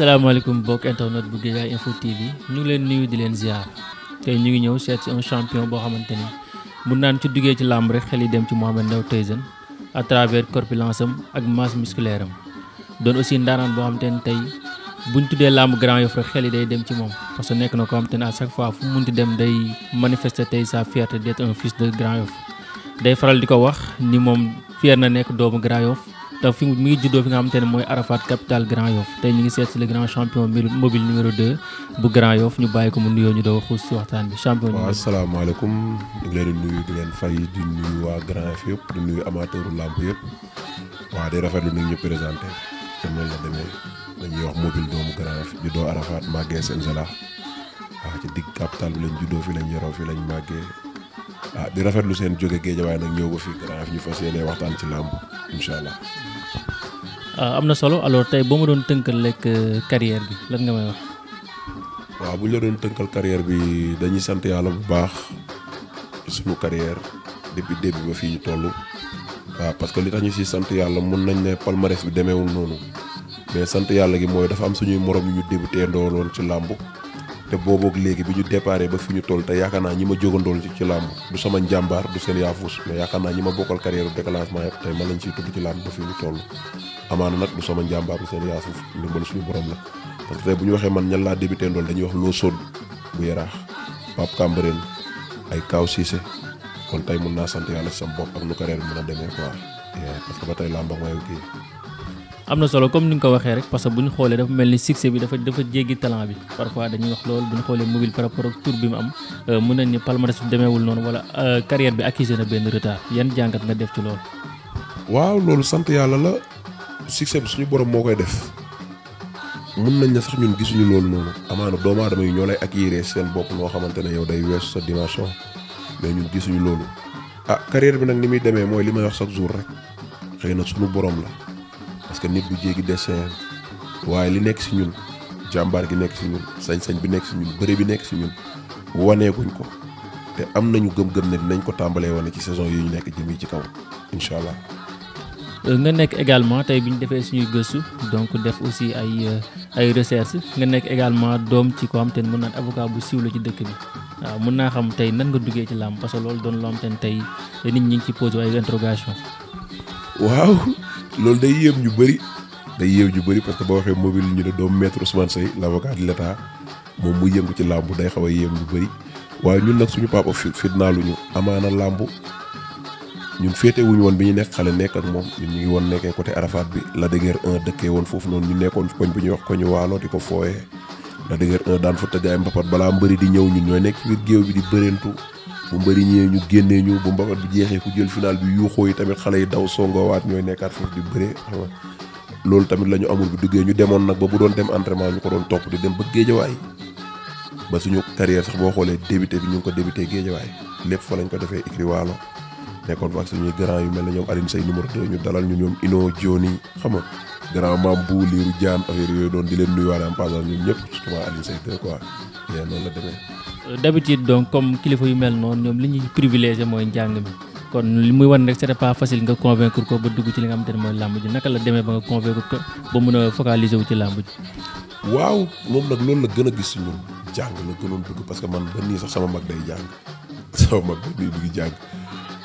asalaamaaleykum mbokk internet bu Guédiawaye info TV ñu ngi leen nuyu di leen ziar tey ñu ngi ñëw seet si un champion boo xamante ni mun naan ci duggee ci làmb rek xel yi dem ci Mohamed Ndao Tyson à travers corpulence am ak masse musculaire am doon aussi ndaanaan boo xamante ni tey buñ tuddee làmb Grand Yoff rek xel yi day dem ci moom parce que nekk na ko xamante ne à chaque fois fu munti dem day manifester tey sa fierté d'être un fils de Grand Yoff day faral di ko wax ni moom fier na nekk doomu Grand Yoff te fi mi ngi juddoo fi nga xamante ne mooy arafaat capital Grand Yoff tey ñu ngi seet si le grand champion mobile numéro 2 bu Grand Yoff ñu bàyyi ko mu nuyoo ñu doog a xuus si waxtaan bi champion. leen di nuyu di leen fay di nuyu waa yëpp di nuyu amateuru làmb yëpp waaw ñu présenté dem nañ la demee dañuy wax mobile doomu Grand Yoff juddoo Arafat màggee seen sala waaw ci digg capital bi lañ juddoo fi lañ yoroo fi lañ màggee. ah di rafetlu seen jóge géejawaay nag ñëw ba fii Grand Yoff ñu fas yéene waxtaan ci làmb incha allah. Euh, am na solo alors tey boo ma doon tënkal lekk euh, carrière bi lan nga may waaw bu ñu tënkal carrière bi dañuy sant yàlla bu baax suñu carrière depuis début ba fii ñu toll. waaw parce que li tax ñu si sant yàlla mun nañ ne palmarès bi demeewul noonu mais sant yàlla gi mooy dafa am suñuy morom yu ñu débuté loolu ci làmb te booboog léegi bi ñu déparé ba fi ñu toll te yaakaar naa ñi ma jógandool ci làmb du sama njàmbaar du seen yaafus mais yaakaar naa ñi ma bokkal carrière déclenchement yëpp tey ma lañ ciy tudd ci làmb ba fi ñu toll amaana nag du sama njàmbaar du seen yaafus ndimbal suñu borom la parce que bu ñu waxee man ñan laa débuté ndool dañuy wax loo sóod bu yaraax Pape Camberène ay Kaaw Cissé kon tey mun naa sant yàlla si sama ak nu carrière bi mën a demee quoi parce que ba tey làmb ak mayu am na solo comme ni nga ko waxee rek parce que bu ñu xoolee dafa mel ni succès bi dafa dafa jéggi talent bi parfois dañuy wax loolu bu ñu xoolee mobile par tour bi mu am euh, mën nañ ni palmarès bi demeewul noonu wala euh, carrière bi accusé na benn retard yan jàngat nga def ci loolu. waaw loolu sant yàlla la succès bi suñu borom moo koy def mën nañ ne sax ñun gisuñu loolu noonu amaana doomu aadama yi ñoo lay acquérir seen bopp noo xamante ne yow day weesu sa dimension mais ñun gisuñu loolu ah carrière bi nag ni muy demee mooy li may wax chaque jour rek xëy na suñu borom la. parce que nit bu jéggi destin waaye li nekk si ñun jàmbaar gi nekk si ñun sañ-sañ bi nekk si ñun bëre bi nekk si ñun waneeguñ ko te am nañu gëm-gëm ne dinañ ko tàmbalee wane ci saison yi ñu nekk jëm yi ci kaw incha allah. Euh, nga nekk également tey bi ñu defee suñuy gëstu donc def aussi ay euh, ay recherche nga nekk également doom ci ko xam te mun mën naan avocat bu siiw la ci dëkk bi waaw mën naa xam tey nan nga duggee ci làmb parce que loolu doon loo xam te tey nit ñi ngi ci posé ay loolu day yéem ñu bëri day yéem ñu bëri parce que boo waxee mobile ñu ne doomu maître Ousmane Seye l' avocat de l' état moom muy yëngu ci làmb day xaw a yéem ñu bëri waaye ñun nag suñu papa fitnaalu ñu amaana làmb ñun féete woon bi ñu nekk xale nekk ak moom ñun ñu ngi woon nekkee côté Arafat bi la dëgër 1 dëkkee woon foofu noonu ñu nekkoon fi koñ bi ñuy wax koñu waalo di ko fooyee la dëgër 1 daan fa tëgg ay mbapat balaa mbëri di ñëw ñu ñooy nekk ci biir géew bi di bërentu bu mbëri ñëwee ñu génnee ñu bu mbapat bi jeexee ku jël final bi yuuxoo yi tamit xale yi daw songowaat ñooy nekkaat foofu di bëre xam loolu tamit la ñu amul bi duggee ñu demoon nag ba bu doon dem entraînement ñu ko doon topp di dem ba géejawaay ba suñu carrière sax boo xoolee débuté bi ñu ngi ko débuté géejawaay lépp fa lañ ko defee écrit waalo nekkoon fa ak suñuy grand yu mel ne ñoom Alioune Seye numéro 2 ñu dalal ñu ñoom Ino Dioni xam nga grand maam bu liiru jaan affaire yooyu doon di leen nuyuwaale en passant ñoom ñëpp surtout Alioune Seye 2 quoi mais la demee d'habitude donc comme kilifa yu mel noonu ñoom li ñuy privilégié mooy njàng mi kon li muy wan rek c'était pas facile nga convaincre ko ba dugg ci li nga xamante ne mooy làmb naka la demee ba nga convaincre ko ba mun a focaliser wu ci làmb waaw moom nag loolu la gën a gis si ñun jàng la gënoon bëgg parce que man ba nii sax sama mag day jàng sama mag ba nii mi ngi jàng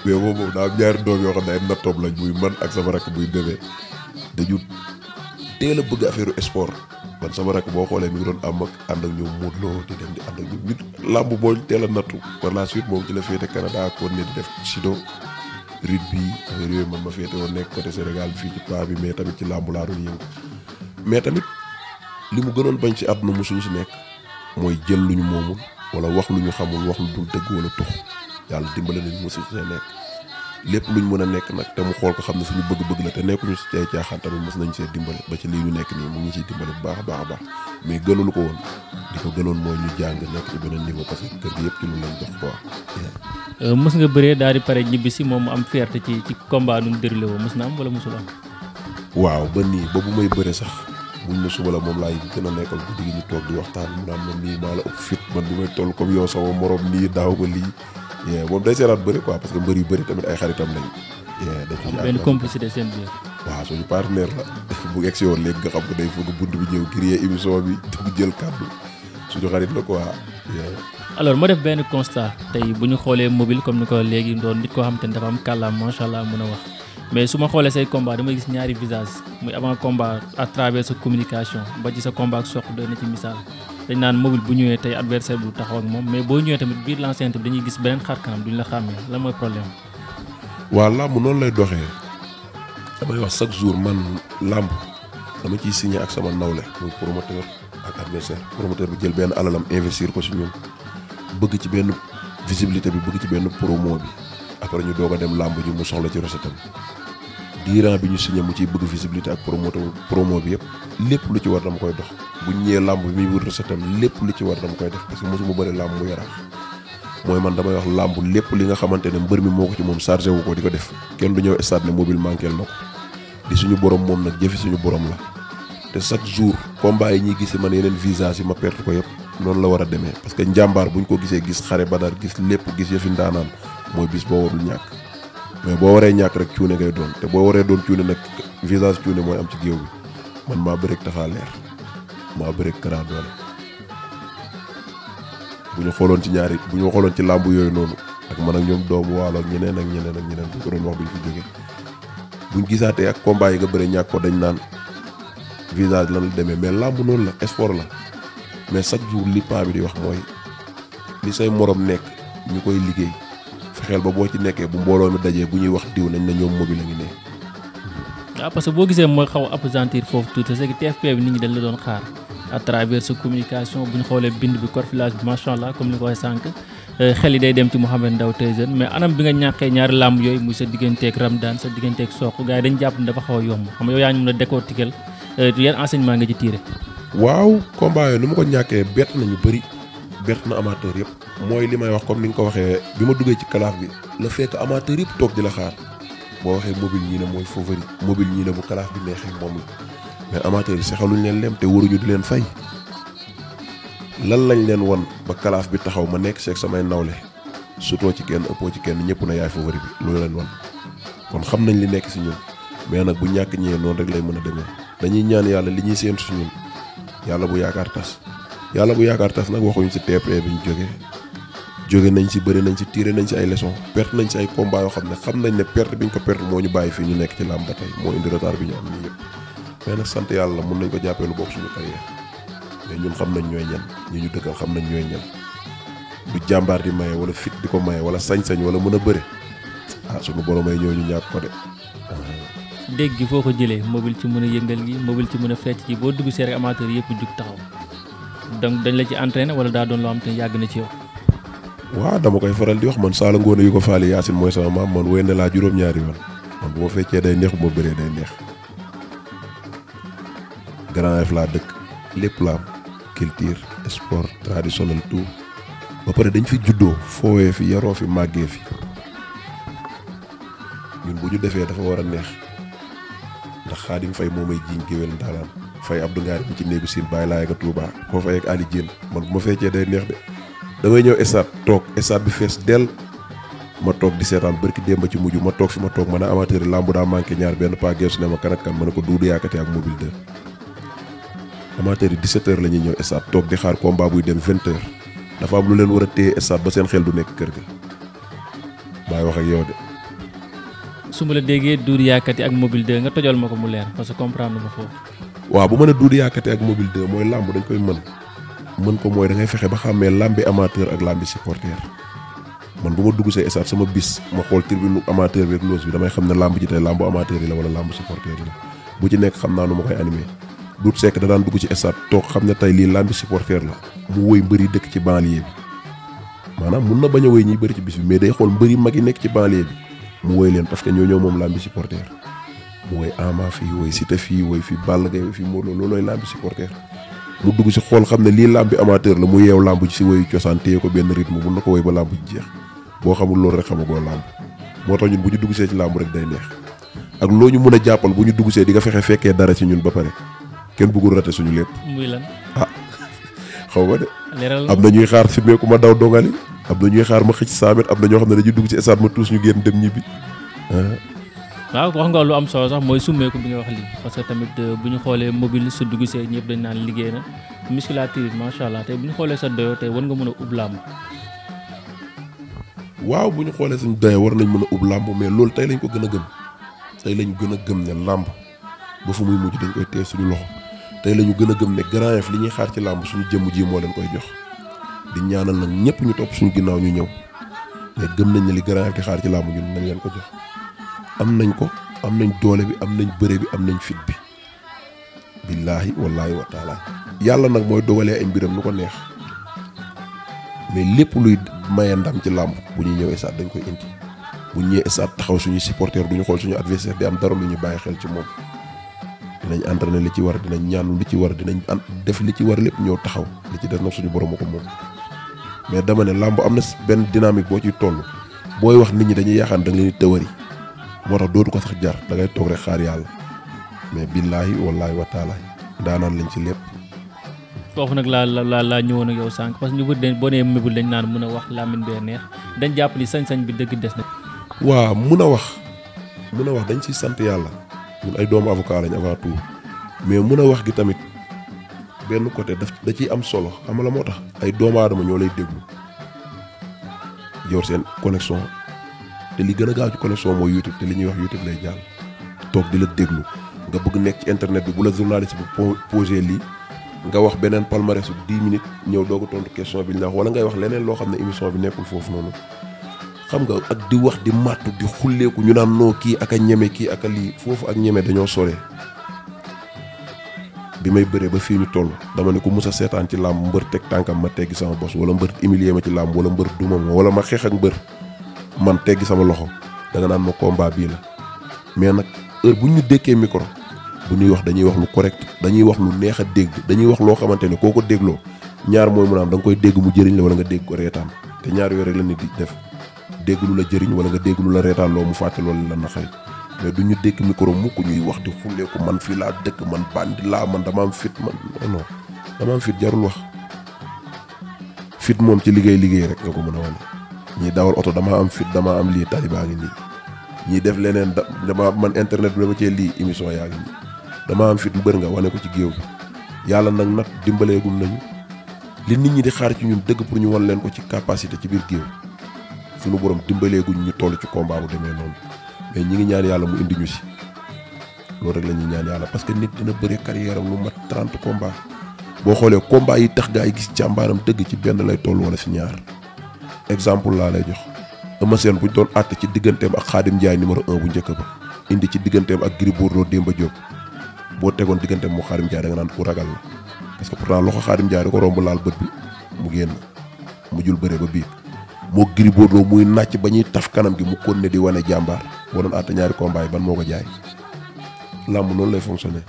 mais moom moom daa am ñaari doom yoo xam ne ay nattoom lañ muy man ak sama rakk muy bébé dañu a bëgg affaire sport man sama rakk boo xoolee mi ngi doon am ak ànd ak ñoom Modou Lo di dem di ànd ak ñoom làmb boo teel a nattu par la suite moom ci la féete Canada kon ne di def judo rugby affaire yooyu man ma féete woon nekk côté Sénégal fii ci paa bi mais tamit ci làmb laa doon yëngu mais tamit li mu gënoon bañ ci àdduna mosuñu si nekk mooy jël lu ñu moomul wala wax lu ñu xamul wax lu dul dëgg wala tux yàlla dimbale mu mosu si nekk lépp lu luñ mën a nekk nag te mu xool ko xam ne suñu bëgg-bëgg la te nekkuñu si ay caaxaan tamit mos see dimbale ba ci lii ñu nekk nii mu ngi ciy dimbale bu baax baax a baax mais gënalu ko woon di ko gënoon mooy ñu jàng nekk ci beneen niveau parce que kër gi yëpp ci euh, bëree daal di pare ñibbi si moom mu am fierté ci ci combat nu mu déroulé woo mos na am wala mosul am. waaw ba nii ba bu may bëre sax buñ mu suba la moom laay gën a nekkal guddi gi ñu toog di waxtaan mu naan man nii maa la ëpp fit man bi may toll comme yow sama morom nii daaw ba lii moom day seetaan bëri quoi parce que mbër yu bëri tamit ay xaritam lañ. dañ benn complicité seen biir. waaw suñu partenaire la bu egg si woon léegi nga xam ne day fëgg bunt bi ñëw grillé émission bi mu jël kàddu suñu xarit la quoi. alors ma def benn constat tey bu ñu xoolee mobile comme ni ko léegi doon nit koo xam te ne dafa am kàllaam macha allah mën a wax mais su ma xoolee say combat damay gis ñaari visage muy avant combat à travers communication ba ci sa combat ak soq doy na ci dañ naan mobile bu ñëwee tey adversaire bu taxaw ak moom mais boo ñëwee tamit biir l'enceinte bi dañuy gis beneen xar kanam duñ la xàmmee lan mooy problème waaw làmb noonu lay doxee damay wax chaque jour man làmb dama ciy signé ak sama nawle muy promoteur ak adversaire promoteur bi jël benn alalam investir ko si ñun bëgg ci benn visibilité bi bëgg ci benn promo bi après ñu doog a dem làmb ji mu soxla ci recette am diiran bi ñu signé mu ciy bëgg visibilité ak promoteur promo bi yëpp lépp lu ci war dama koy dox buñ ñëwee làmb bi wut recette lépp lu ci war dama koy def parce que mosuma bëri làmb mu yaraax mooy man damay wax làmb lépp li nga xamante ne mbër mi moo ko ci moom chargé wu ko di ko def kenn du ñëw stade ne mobile manqué na ko di suñu borom moom nag jëfi suñu borom la te chaque jour combat yi ñuy gisi man yeneen visage yi ma perte ko yëpp noonu la war a demee parce que njàmbaar buñ ko gisee gis xare badar gis lépp gis yëfi ndaanaan mooy bis boo warul ñàkk mais boo waree ñàkk rek cuune ngay doon te boo waree doon cuune nag visage cuune mooy am ci géew bi man maa bëri ak leer maa bëreeg Kara bu ñu xooloon ci ñaari bu ñu xooloon ci làmb yooyu noonu ak man ak ñoom doomu waalo ak ñeneen ak ñeneen ak ñeneen bu ko doon wax duñ fi jóge buñ gisaatee ak combat yi nga bëre ñàkk ko dañ naan visage lan la demee mais làmb noonu la sport la mais chaque jour li paa bi di wax mooy li say morom nekk ñu koy liggéey fexeel ba boo ci nekkee bu mbooloo mi dajee bu ñuy wax diw nañ na ñoom mobile la ngi ne. waaw ah, parce que boo gisee mooy xaw a appesantir foofu tuuti c'est que TFP bi nit ñi dañ la doon xaar. à travers communication bu ñu xoolee bind bi corfilage bi macha allah comme ni ko waxee sànq euh, xel yi day dem ci Mouhamed Ndao Tyson mais anam bi nga ñàkkee ñaari làmb yooyu muy sa digganteeg Ramdan sa digganteeg Sokh gars yi dañu jàpp ne dafa xaw a yomb xam nga yow yaa ñu mën a décortiquer euh, yan enseignement nga ci tiré. waaw combat nu ma ko ñàkkee bett nañu bëri bett na amateur yëpp mooy li may wax comme li nga ko waxee bi ma duggee ci kalaaf bi la fekk amateur yëpp toog di boo waxee mobile ñii ne mooy favori mobile ñii ne bu kalaaf bi neexee mais amateurs yi saxaluñ leen lem te waruñu di leen fay lan lañ leen wan ba kalaaf bi taxaw ma nekk seeg samay nawle sutoo ci kenn ëppoo ci kenn ñëpp na yaay favori bi loolu leen won kon xam nañ li nekk si ñun mais nag bu ñàkk ñëwee noonu rek lay mën a demee dañuy ñaan yàlla li ñuy séentu si ñun yàlla bu yaakaar tas yàlla bu yaakaar tas nag waxuñ si TP bi ñu jógee jóge nañ si bëri nañ si tiré nañ si ay leçons perte nañ si ay combats yoo xam ne xam nañ ne perte bi ñu ko perte moo nekk ci làmb ba tey moo mais sant yàlla mun nañ ko jàppee lu bokk suñu carrière mais ñun xam nañ ñooy ñan ñu ñu dëkkal xam nañ ñooy ñan du jàmbaar di maye wala fit di ko maye wala sañsañ sañ wala mën a bëre ah suñu borom ay ñëw ñu ñàkk ko de. dégg gi foo ko jëlee mobile ci mën a yëngal gi mobile ci mën a fecc gi boo dugg see rek amateur yëpp jug taxaw donc dañ la ci entraîné wala daa doon loo am te yàgg na ci yow. waaw dama koy faral di wax man Saala Ngoone yu ko faali Yaasin mooy sama maam man wéy laa juróom-ñaari yoon man day neex bu ma bëree day neex. Grand rêve laa dëkk lépp la am culture sport traditionnel tout ba pare dañ fi juddoo foowee fi yaroo fi màggee fi ñun bu ñu defee dafa war a neex ndax xaadim fay moo may jiñ géwél ndaalaan fay abdou ngaari mi ci néegu siin bàyyi laay ka touba koo fay ak ali jéen man bu ma feccee day neex de damay ñëw estade toog estade bi fees del ma toog di seetaan barki démb ci mujj ma toog fi ma toog ma ne amateur yi làmb daa manqué ñaar benn paa geesu ne ma kan ak kan ko duudu yaakate ak mobile 2 amateur yi 17h la ñuy ñëw stade toog di xaar combat buy dem 20h dafa am lu leen war a téye stade ba seen xel du nekk kër ga maay wax ak de. su ma la déggee Doudou Yakati ak Mobile nga tojal ma ko mu leer parce que comprendre ma foofu. waa bu ma ne Doudou Yakati ak Mobile 2 mooy làmb dañ koy mën mën ko mooy da ngay fexe ba xàmmee làmbi amateur ak làmbi supporter man bu ma dugg say stade sama bis ma xool tribune amateur bi ak loose bi damay xam ne làmb ji tey làmbu amateur yi wala làmbu supporter bu ci nekk xam naa nu ma koy dut sek da daan dugg ci stade tok xamne tay li lambi supporter la mu woy mbeuri dekk ci banlieue bi manam mën na baña woy ñi bari ci bis bi mais day xol mbeuri magi yi nekk ci banlieue bi mu woy len parce que ñoo ñoo mom lambi supporter mu woy ama fi woy cité fi woy fi ball gay fi mbooloo loy lambi supporter mu dugg ci xol xamne ne lambi amateur la mu yew lamb ci si woyu cosaan ko ben rythme bu nako woy ba lamb ci jeex bo xamul lool rek xamugo lamb moo tax ñun bu ñu dugg ci lamb rek day neex ak loñu mëna jappal bu ñu dugg ci di nga fexé fekkee dara ci ñun ba pare kenn bëggul rate suñu lépp. muy lan ah xaw ma de. am na ñuy xaar simmeeku ma daw dogali am na ñuy xaar ma xëcc saamit am na ñoo xam ne dañuy dugg ci stade ma tuus ñu génn dem ñibbi ah. waaw wax nga lu am solo sax mooy summeeku bi nga wax lii parce que tamit euh, bu ñu xoolee mobile su dugg see ñëpp dañ naan liggéey na musculature macha allah tey bu ñu xoolee sa doyo tey war nga mën a ub làmb waaw bu ñu xoolee suñu doyo war nañ mën a ub làmb mais loolu tey lañ ko gën a gëm tey lañ gën a gëm ne làmb ba fu muy suñu loxo tey la ñu gën a gëm ne Grand Yoff li ñuy xaar ci làmb suñu jëmm ji moo leen koy jox di ñaanal nag ñëpp ñu topp suñu ginnaaw ñu ñëw mais gëm nañ li Grand Yoff di xaar ci làmb ñun nañ leen ko jox am nañ ko am nañ doole bi am nañ bëre bi am nañ fit bi billaahi wallaahi wa taala yàlla nag mooy dogalee ay mbiram nu ko neex mais lépp luy maye ndam ci làmb bu ñuy ñëw esaat dañ koy inti bu ñëwee esaat taxaw suñuy supporteurs du ñu xool suñu adversaire bi am dara lu ñu bàyyi xel ci moom dinañ entraîner li ci war dinañ ñaan lu ci war dinañ def li ci war lepp ñoo taxaw li ci def nak suñu borom ko moom mais dama ne lamb amna ben dynamique bo ci tollu boy wax nit ñi dañuy yaxan da nga leen di tax dootu ko sax jaar da ngay tok rek xaar yalla mais billahi wallahi wa taala daanaan lañ ci lépp foofu la la la laa ñëwoon ak yow sank parce que ñu bëri dañ dañ naan mëna wax lamine bee neex dañ japp li sañ-sañ bi deug dess na wa mëna wax mëna wax dañ ci sante yalla ñun ay doomu avocat lañ avant tout mais mun a wax gi tamit benn côté daf da ciy am solo xam la moo tax ay doomu aadama ñoo lay déglu yor seen connexion te li gën a gaaw ci connexion mooy YouTube te li ñuy wax YouTube lay jàll toog di la déglu nga bëgg nekk ci internet bi bu la journaliste bi posé lii nga wax beneen palmarès bu 10 minutes ñëw doog a tontu question bi ñu la wax wala ngay wax leneen loo xam ne émission bi nekkul foofu noonu xam nga ak di wax di màttu di xulleeku ñu naan noo kii ak a ñeme kii ak a lii foofu ak ñeme dañoo sore bi may bëree ba fii ñu toll dama ne ko musa a seetaan ci làmb mbër teg tànkam ma teggi sama bos wala mbër humilier ma ci làmb wala mbër duma ma wala ma xeex ak mbër man teggi sama loxo danga naan ma combat bii la mais nag heure bu ñu dékkee micro bu ñuy wax dañuy wax lu correct dañuy wax lu neex a dégg dañuy wax loo xamante ne koo ko dégloo ñaar mooy mu naam da nga koy mu jëriñ la wala nga dégg ko te ñaar yooyu la nit di def dégg la jëriñ wala nga dégg lu la reetaan loo mu fàtte loolu la naqari mais du ñu dégg micro mukk ñuy wax di ko man fii laa dëkk man bandi laa man dama am fit man non dama am fit wax fit moom ci liggéey liggéey rek ko mën a wane ñii dawal oto dama am fit dama am lii talibaa ngi nii ñii def leneen da dama man internet bi ma cee lii émission yaa ngi nii dama am fit mbër nga wane ko ci géew bi yàlla nag nag dimbaleegum nañu li nit ñi di xaar ci ñun dëgg pour ñu wan leen ko ci capacité ci biir géew suñu borom dimbalé guñ ñu tollu ci combat bu démé non mais ñi ngi ñaan yalla mu indi ñu ci lo rek lañu ñaan yalla parce que nit dina bëré carrière lu mat 30 combat bo xolé combat yi tax gaay yi gis jàmbaaram dëgg ci bénn lay tollu wala ci ñaar exemple la lay jox ama Sène buñ doon att ci digganteem ak Khadim Ndiaye numéro 1 bu njëkk ba indi ci digganteem ak Gribour Bordeaux Demba Diop bo tégon digganteem mu Khadim Ndiaye da nga nan ku ragal parce que pourtant loxo Khadim Ndiaye ko romb laal bët bi mu génn mu jul bëré ba biir mo Gris Bordeaux muy nacc bañuy taf kanam gi mu konne ne di wone jambar boo don at ñaari combat yi ban moko jaay lamb non lay fonctionner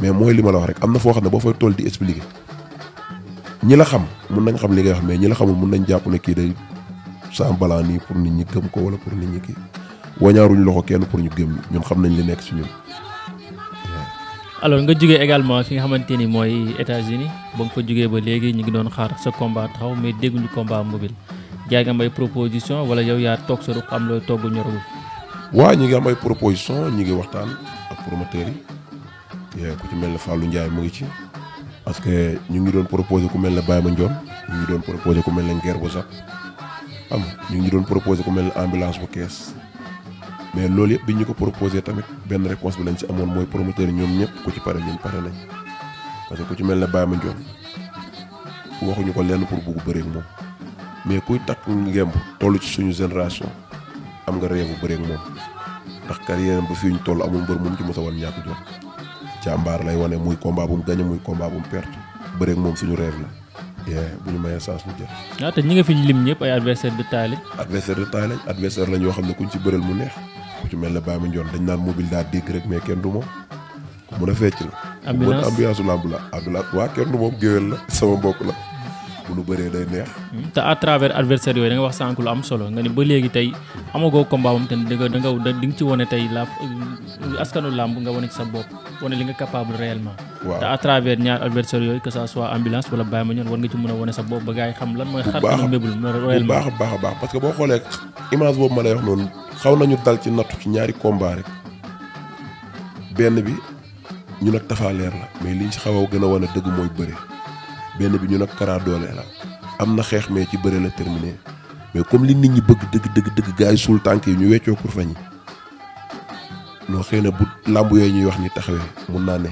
mais moy li ma la wax rek amna na xamne bo fay tol di expliquer ñi la xam mun nañ xam li ngay wax mais ñi la xamul mun nañ japp ne ki day sans balaa pour nit ñi gëm ko wala pour nit ñi ki wañaruñ loxo kenn pour ñu gëm ñun xam nañ li nekk si ñun. alors nga jógee également fi nga xamanteni ni États-Unis bu nga fa jógee ba légui ñi ngi doon xaar sa combat taxaw mais ñu combat mobile. yaa ngi am ay proposition wala yow yaa toog sa ruq am looy togg ñorul. waaw ñi ngi am ay proposition ñi ngi waxtaan ak promoteurs yi eh, ku ci mel ne Fallou njaay mu ngi ci parce que ñu ngi doon proposé ku mel ne Baye Mandione ñu ngi doon ku mel ne Nguer bu sax ñu ngi doon proposé ku mel ne ambulance bu kees mais loolu yëpp bi ñu ko proposé tamit benn réponse bi lañ ci amoon mooy promoteur yi ñoom ñëpp ku ci pare ñun pare nañ parce que ku ci mel ne ma Mandione waxuñu ko lenn pour bugg bëri ak mais kuy takk ngemb toll ci suñu génération am nga réew bu bëreeg moom ndax carrière bu fii ñu toll amul mbër moom ci mos a wan ca jom jàmbaar lay wane muy combat bu mu gañe muy combat bu mu perte bëreeg moom suñu réew la. bu ñu mayee chance mu jël. waaw ah, te ñi ñu fi lim ñëpp ay adversaire de taille lañ. adversaire de taille lañ adversaire yoo xam ne kuñ ci bëreel mu neex ku ci mel ne Baami Ndiol dañ naan mobile daa dégg rek mais kenn du moom ku mun a fecc la. ambiance ku mën ambiance lamb la Abdoulaye waa kenn du moom la sama mbokk la. bu nu bëree day neex. Hmm. te à travers adversaire yooyu da wax sànq lu am solo nga ni ba léegi tey amagoo combat bam te da nga da di nga ci wane tey la euh, askanu làmb nga wane ci sa bopp wane li nga capable réellement. waaw te à travers ñaar adversaire yooyu que ça soit ambulance wala Baye Mandione war nga ci mën a wane sa bopp ba gars yi xam lan mooy. xar kanam mébul réellement bu baax a baax a baax parce que boo xoolee image boobu ma lay wax noonu xaw nañu dal ci nattu ci ñaari bi ñu nag Tapha Leer mais liñ ci xaw a gën a wane dëgg benn bi ñu nak Kara doole la amna na me ci beure la terminé mais comme li nit ñi bëgg dëgg dëgg dëgg gaay yi suul yi ñu wéccio kur fañ no xeyna bu lamb yoy ñuy wax ni taxawé mu na né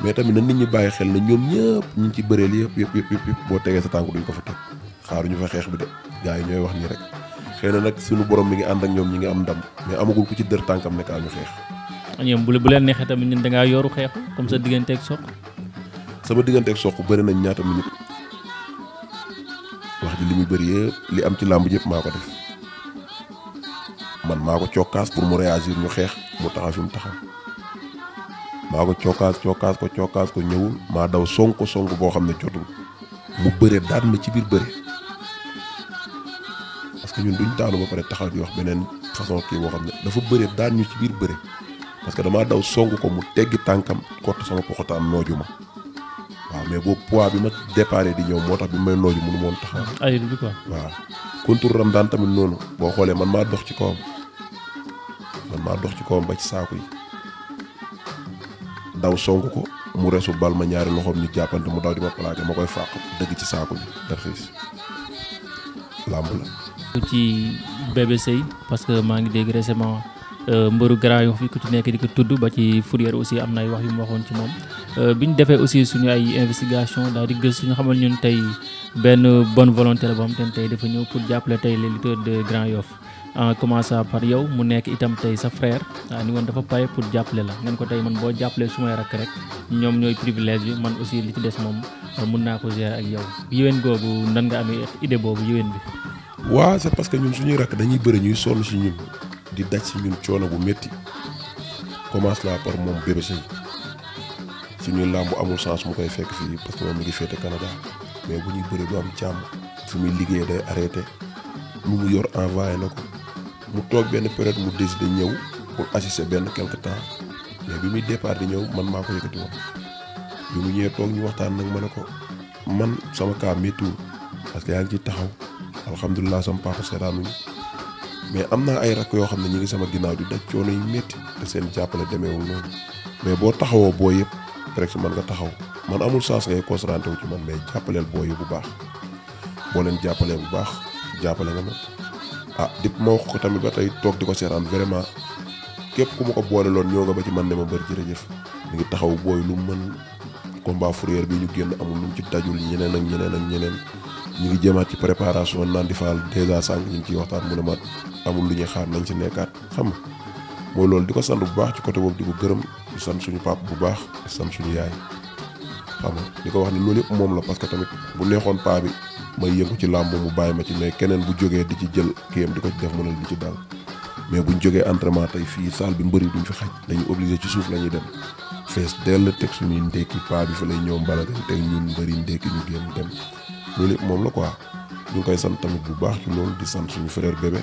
mais tamit na nit ñi baye xel na ñom ñepp ñu ci bëreel yépp yépp yépp yépp bo tegee sa tànk duñ ko fa xaru ñu fa xex bi dé gaay ñoy wax ni rek xeyna nak suñu borom mi ngi and ak ñom ñi ngi am ndam mais amagul ku ci dër tankam né ka ñu xex ñom bu leen nexé tamit ñun da nga yoru xeexu comme sa ak soq sama diggante ak sox bëri nañ ñaata minute wax ji li muy bëri yëpp li am ci làmb yëpp maa ko def man maa ko cokkaas pour mu réagir ñu xeex mu taxaw fi mu taxaw maa ko cokkaas cokkaas ko cokkaas ko ñëwul maa daw sonk sonk boo xam ne jotul mu bëre daan ma ci biir bëre parce que ñun duñ daanu ba pare taxaw di wax beneen façon kii boo xam ne dafa bëre daan ñu ci biir bëri parce que damaa daw sonk ko mu teggi tànkam kott sama poxotaan nooju mais boobu poids bi ma déparé di ñëw moo tax bi may nooju mënu moon taxaw ayil bi quoi waaw contour ram daan tamit noonu boo xoolee man maa dox ci kawam man maa dox ci kawam ba ci saaku yi daw song ko mu resu bal ma ñaari loxoom ñu jàppante mu daw di ma plaqué ma koy fàq dëgg ci saaku bi darxiis làmb ci Bébé Sèye que maa ngi dégg récemment euh, mbëru Grand Yoff fi ku ci nekk di ko tudd ba ci Fourier aussi am na ay wax yu mu waxoon ci moom Euh, bi ñu defee aussi suñu ay investigation daal di gëstu ñu xamal ñun tey benn bon volonté la boo te tey dafa ñëw pour jàppale tey les lutteurs de Grand Yoff en par yow mu nekk itam tey sa frère ah, ni woon dafa pare pour jàppale la ngeen ko tey man boo jàppalee su may rakk rek ñoom ñooy privilège bi man aussi li ci des moom euh, mun naa ko gérer ak yow yéwén googu nan nga amee idée boobu yéwén bi. waa c'est parce que ñun suñuy rakk dañuy bëri ñuy sonn si ñun di daj si ñun coono bu métti commence la par moom ci ñu lamb amul chance mu koy fekk fii parce que moom mi ngi féete Canada mais bu ñuy bëri du am jàmm fu muy liggéey day arrêté lu mu yor envoyé na ko mu toog benn période mu décidé ñëw pour assister benn quelque temps mais bi muy départ di ñëw man maa ko yëkkati woon bi mu ñëwee toog ñu waxtaan nag ma ne ko man sama kaa méttiwul parce que yaa ngi ci taxaw alhamdulilah sama papa seetaanuñu mais am naa ay rakk yoo xam ne ñu ngi sama ginnaaw di daj coono yu métti te seen jàppale demeewul noonu mais boo taxawoo boo yëpp rek si man nga taxaw man amul sans ngay concentré wu ci man mais jappalel boy bu baax bo len jàppalee bu baax jàppale nga ah dip mo wax ko tamit batay tok diko di vraiment kep kou mako bolé lon loon nga ba ci man dama ma bër jërëjëf mi ngi taxaw boy lu man combat fourier bi ñu genn amul lu ci tajul ñeneen ak ñeneen ak ñeneen ñu ngi jëmaat ci préparation nan di faal dèjà sànq ñu ngi waxtaan mu ne ma amul lu ñuy xaar nañ ci nekkat xam mo lol diko di sant bu baax ci côté boobu di gëreum di sant suñu pap bu baax di sant suñu yaay xam nga ko wax ni loolu yëpp moom la parce tamit bu neexoon paa bi may yëngu ci làmb mu bàyyi ma ci mais keneen bu jógee di ci jël kiyam di ko ci def mënal bi ci dal mais buñ jógee entraînement tey fii salle bi mbëri duñ fi xaj dañu obligé ci suuf la ñuy dem fees dell teg suñuy ndekki paa bi fa lay ñëw mbalagan teg ñun mbëri ndekki ñu génn dem loolu yëpp moom la quoi ñu koy sant tamit bu baax ci loolu di sant suñu frère bébé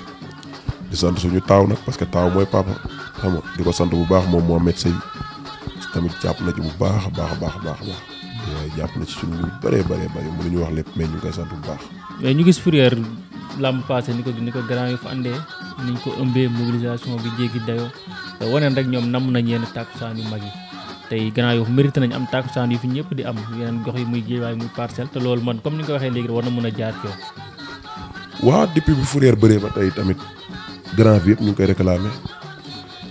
di sant suñu taaw nag parce que taaw mooy papa xam di ko sant bu baax moom moo médecin tamit jàpp na ci bu baax a baax a baax a baax eh, jàpp na ci suñu lu bëree wax lépp ñu ngi koy bu baax. mais eh, ñu gis Fourrière làmb passé ni ko ko grand yu fa andee ni ñu ko ëmbee mobilisation bi jéggi dayoo te eh, waneen rek ñoom namm nañ yenn tàkkusaan yu mag yi tey grand yu mérité nañ am tàkkusaan fi ñëpp di am yeneen gox yi muy Guédiawaye muy Parcelles te loolu man comme ni ko waxee léegi war na a jaar ci yow. waaw bu Fourrière bëree ba tey tamit grand bi yëpp ñu ngi koy réclamé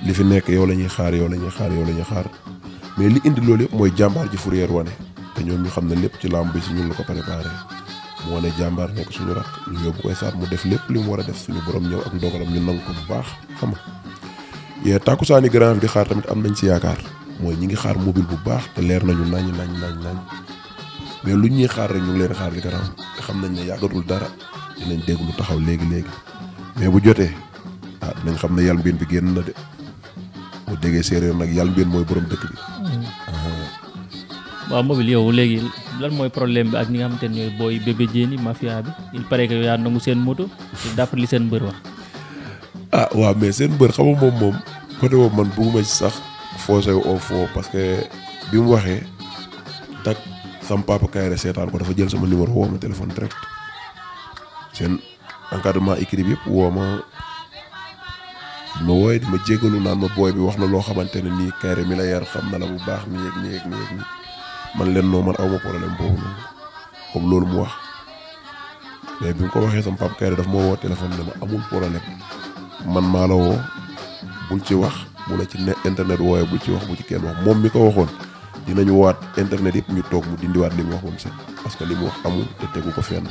li fi nekk yow la ñuy xaar yow la ñuy xaar yow la ñuy xaar. mais li indi loolu mooy jàmbaar ji Fourrière wane te ñoom ñu xam ne lépp ci làmb si ñun la ko préparé mu wane jàmbaar nekk suñu rakk ñu yóbbu koy saat mu def lépp li mu war a def suñu borom ñëw ak ndogalam ñu nangu ko bu baax xam nga yee tàkkusaani grand di xaar tamit am nañ si yaakaar mooy ñi ngi xaar mobile bu baax te leer nañu nañ nañ nañ nañ mais lu ñuy xaar rek ñu ngi leen xaar li grand te xam nañ ne yàggatul dara dinañ dégg lu taxaw léegi léegi mais bu jotee ah xam ne yàlla mbir bi génn na de mu déggee séeréer nag yàlla mbir mooy borom dëkk bi wa mobile yow legui lan moy problème bi ak ñi nga xamanteni ñoy boy bébé jéeni mafia bi il paraît que yaa nangu sen moto d'après li sen mbër wax ah wa mais sen mbër xam mom mom moom côté boobu man bëgguma ci sax foosé au fond parce que bi mu waxé tak sam papa kay kayre seetaan ko dafa jël sama numéro wo ma téléphone direct sen encadrement écrit bi wo ma no way dama ma na ma boy bi wax na loo xamante ne nii kayre mi la yar xam na la bu baax ni yeeg ni yeeg mi man leen noo man aw ma problème boobu noonu comme loolu mu wax mais bi mu ko waxee sama papa Kayre daf ma woo téléphone ne ma amul problème man maa la woo bul ci wax bu la ci internet wooyee bul ci wax bu ci kenn wax moom mi ko waxoon dinañu waat internet yëpp ñu toog mu dindiwaat li mu wax moom sax parce que li mu wax amul te tegu ko fenn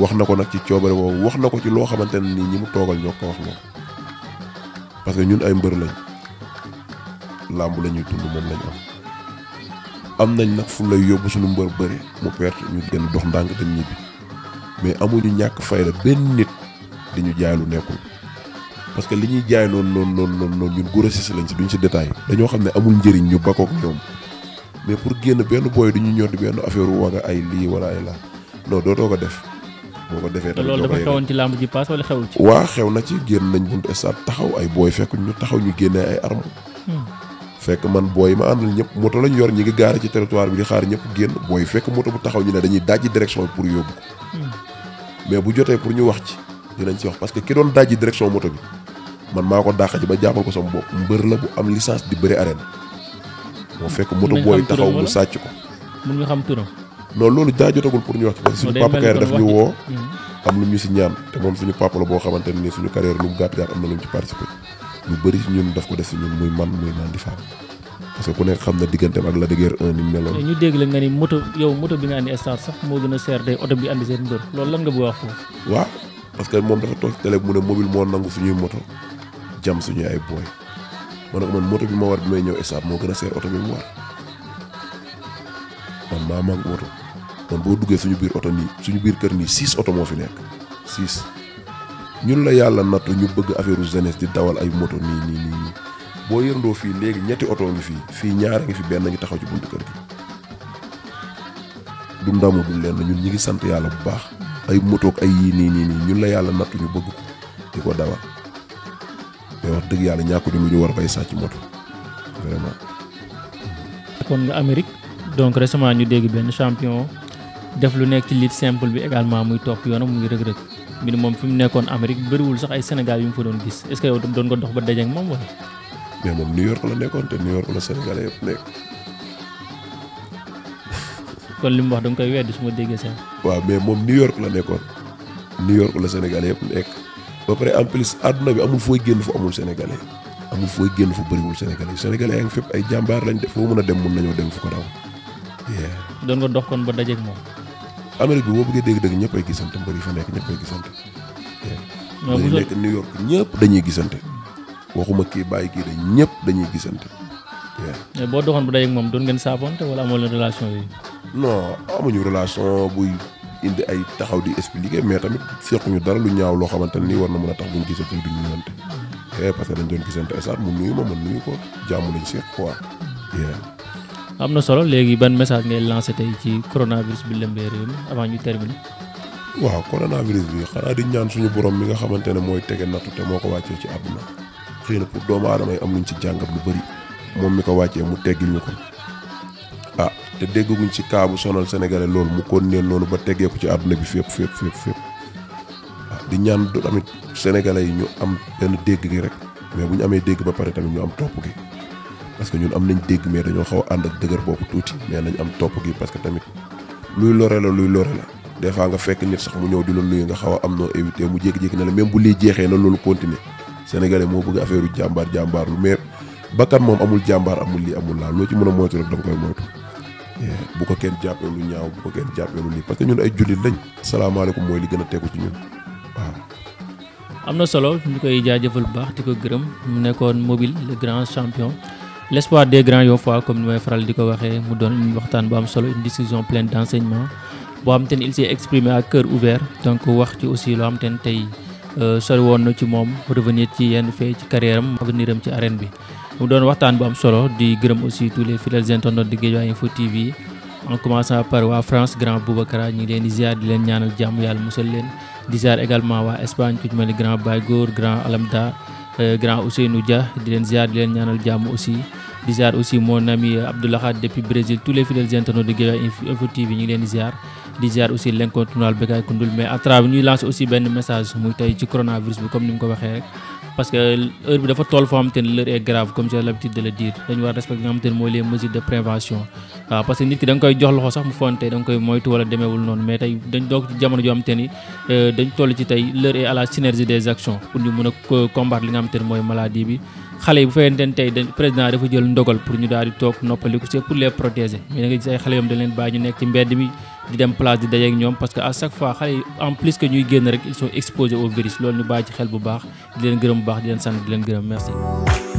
wax na ko nag ci coobare boobu wax na ko ci loo xamante ne nii ñi mu toogal ñoo ko wax moom parce que ñun ay mbër lañ làmb la ñuy tund lañ am nañ nag fu lay yóbbu suñu mbër bëri mu perte ñu gën dox ndànk dem ñibbi mais amuñu ñàkk fayda benn nit di ñu jaay lu nekkul parce que li ñuy jaay noonu noonu noonu noonu noonu ñun grossiste lañ si duñ si détail dañoo xam ne amul njëriñ ñu bakkook ñoom mais pour génn benn booy du ñu ñor di benn affaire wu ay lii wala ay laa non ko def. boo ko defee tamit loolu dafa xewoon ci làmb ji paas wala ci. waa xew na ci génn nañ buntu stade taxaw ay booy fekk ñu taxaw ñu génnee ay armes. Hmm. fekk man booy ma àndal ñëpp moto lañ yor ñi ngi gaare ci territoire bi di xaar ñëpp génn booy fekk moto bu taxaw ñu ne dañuy dajji direction bi pour yóbbu ko hmm. mais bu jotee pour ñu wax ci dinañ ci wax parce que ki doon dajji direction moto bi man maa ko dàq ji ba jàppal ko sama bopp mbër la bu am licence di bëri arène moo fekk moto booy taxaw mu sàcc ko mun nga xam turam non loolu daa jotagul pour ñu wax ci parce que suñu papa carrière daf ñu woo hmm. am lu ñu si ñaan te moom suñu papa la boo xamante ne ni suñu carrière lu mu gàtt gàtt am na lu bëri si ñun daf ko def si ñun muy man muy naan di faam parce que ku nekk xam na diggante ak la dëgër un ni meloon. ñu dégg la nga ni moto yow moto bi nga andi instant sax moo gën a seer day oto bi andi seen mbër loolu lan nga bëgg a que moom dafa toog ci télé mu ne mobile moo nangu suñuy moto jam suñuy ay booy ma ne ko man moto bi ma war bi may ñëw instant moo gën a seer oto bi mu war man maa manque moto man boo duggee suñu biir oto nii suñu biir kër nii six oto moo fi nekk six. ñun la yàlla nattu ñu bëgg affaire jeunesse di dawal ay moto nii nii nii boo yërndoo fii léegi ñetti oto ngi fii fii ñaar ngi fi benn ngi taxaw ci buntu kër gi du ndamu du lenn ñun ñi ngi sant yàlla bu baax ay moto ay yii nii nii ñun la yàlla nattu ñu bëgg ko di ko dawal mais wax dëgg yàlla ñàkkuñu lu ñu war bay sàcc moto vraiment. kon nga Amérique donc récemment ñu dégg benn champion. def lu nek ci lit simple bi également muy top yonam muy reug reug mbir mom fim mu amerique Amérique bëriwul sax ay Sénégal yu mu fa don gis est ce que yow nga dox ba ak mom wala. mais mom New York la nekkoon te New York la sana yëpp nek kon lim wax dang koy weddi suma ma déggee wa mais mom New York la nekkoon New York la sana yëpp nek ba pare en plus aduna bi amul foy génn fu amul Sénégalais amul foy génn fu bëriwul Sénégalais Sénégalais yaa ngi fépp ay jambar lañ def fo mën dem mën nañu dem fu ko yeah don nga dox kon ba ak mom Amérique bi boo bëggee dégg-dégg ñëpp ay gisante mbër yi fa nekk ñëpp ay gisante. bu nekk New York ñëpp dañuy gisante. waxuma kii bàyyi kii dañ ñëpp dañuy gisante. mais boo doxoon bu day ak moom doon ngeen saafoonte wala amoo leen relation yi. non amuñu relation buy indi ay taxaw di expliquer mais tamit sequñu dara lu ñaaw loo xamante ni war na mën a tax buñ gisante duñ ñëwante. Eh, parce que dañ doon gisante esaat mu nuyu ma ma nuyu ko jàmm lañ seq quoi. am na solo léegi ban message ngay lancé tey ci coronavirus bi lëmbee réew mi avant ñu terminer. waaw coronavirus bi xanaa di ñaan suñu borom mi nga xamante ne mooy tege nattu te moo ko wàccee ci àdduna xëy na pour doomu aadama yi am nañ ci jàngat lu bëri moom mi ko wàccee mu teggil ñu ko ah te dégguñ ci kaabu sonal sénégalais loolu mu kon neen noonu ba teggee ko ci àdduna bi fépp fépp fépp fépp ah di ñaan tamit sénégalais yi ñu am benn dégg gi rek mais bu ñu amee dégg ba pare tamit ñu am topp gi parce que ñun am nañ dégg mais dañoo xaw a ànd ak dëgër boobu tuuti mais nañ am topp gi parce que tamit luy lore la luy lore la des fois nga fekk nit sax mu ñëw di la nuyu nga xaw a am noo éviter mu jékki-jékki ne la même bu lii jeexee na loolu continuer sénégalais moo bëgg affaire jàmbaar jàmbaar lu mais bakkan moom amul jàmbaar amul lii amul laa loo ci mën a moytu rek da koy moytu bu ko kenn jàppee lu ñaaw bu ko kenn jàppee lu lii parce que ñun ay jullit lañ salaamaaleykum mooy li gën a tegu ci ñun am na solo ñu koy jaajëfal bu baax di ko gërëm nekkoon mobile le grand l' espoir des grands Yofois comme ni may faral di ko waxee mu doon une waxtaan bu am solo une discussion pleine d' enseignement boo xam te il s' exprimé à cœur ouvert donc wax ci aussi loo xam te ne tey euh, sori woon na ci moom revenir ci yenn fee ci carrière am avenir am ci arène bi mu doon waxtaan bu am solo di gërëm aussi tous les fidèles internautes de Guédiawaye Info TV en par waa France grand Boubacara ñu leen di ziar di leen ñaanal jàmm yàlla musal leen Euh, grand Ousseynou Dia di leen ziar di leen ñaanal jàmm aussi di ziar aussi mon ami Abdoulahad depuis Brésil tous les fidèles internautes de Guédiawaye Info TV ñu leen di ziar di ziar aussi l'incontournable Bécaye Koundoul mais à ñuy lancer aussi benn message muy tey ci coronavirus bi comme ni mu ko waxee rek parce que heure bi dafa toll foo xamante ni l'heure est grave comme j'ai l'habitude de le dire dañu war respecter nga xamante ni mooy les mesures de prévention waaw parce que nit ki da koy jox loxo sax mu fonte da koy moytu wala demeewul noonu mais tey dañ doog ci jamono joo xamante ni euh, dañ toll ci tey l'heure est à la synergie des actions pour ñu mën a combattre li nga xamante ni mooy maladie bi xale yi bu fekkente ne tey dañ président dafa jël ndogal pour ñu daal di toog noppaliku c'est pour les protéger mais da nga gis ay xale yom dañ leen bàyyi ñu nekk ci mbedd mi di dem place di dajeeg ñoom parce que à chaque fois xale yi en plus que ñuy génn rek ils sont exposés au virus loolu ñu bàyyi ci xel bu baax di leen gërëm bu baax di leen sant di leen gërëm merci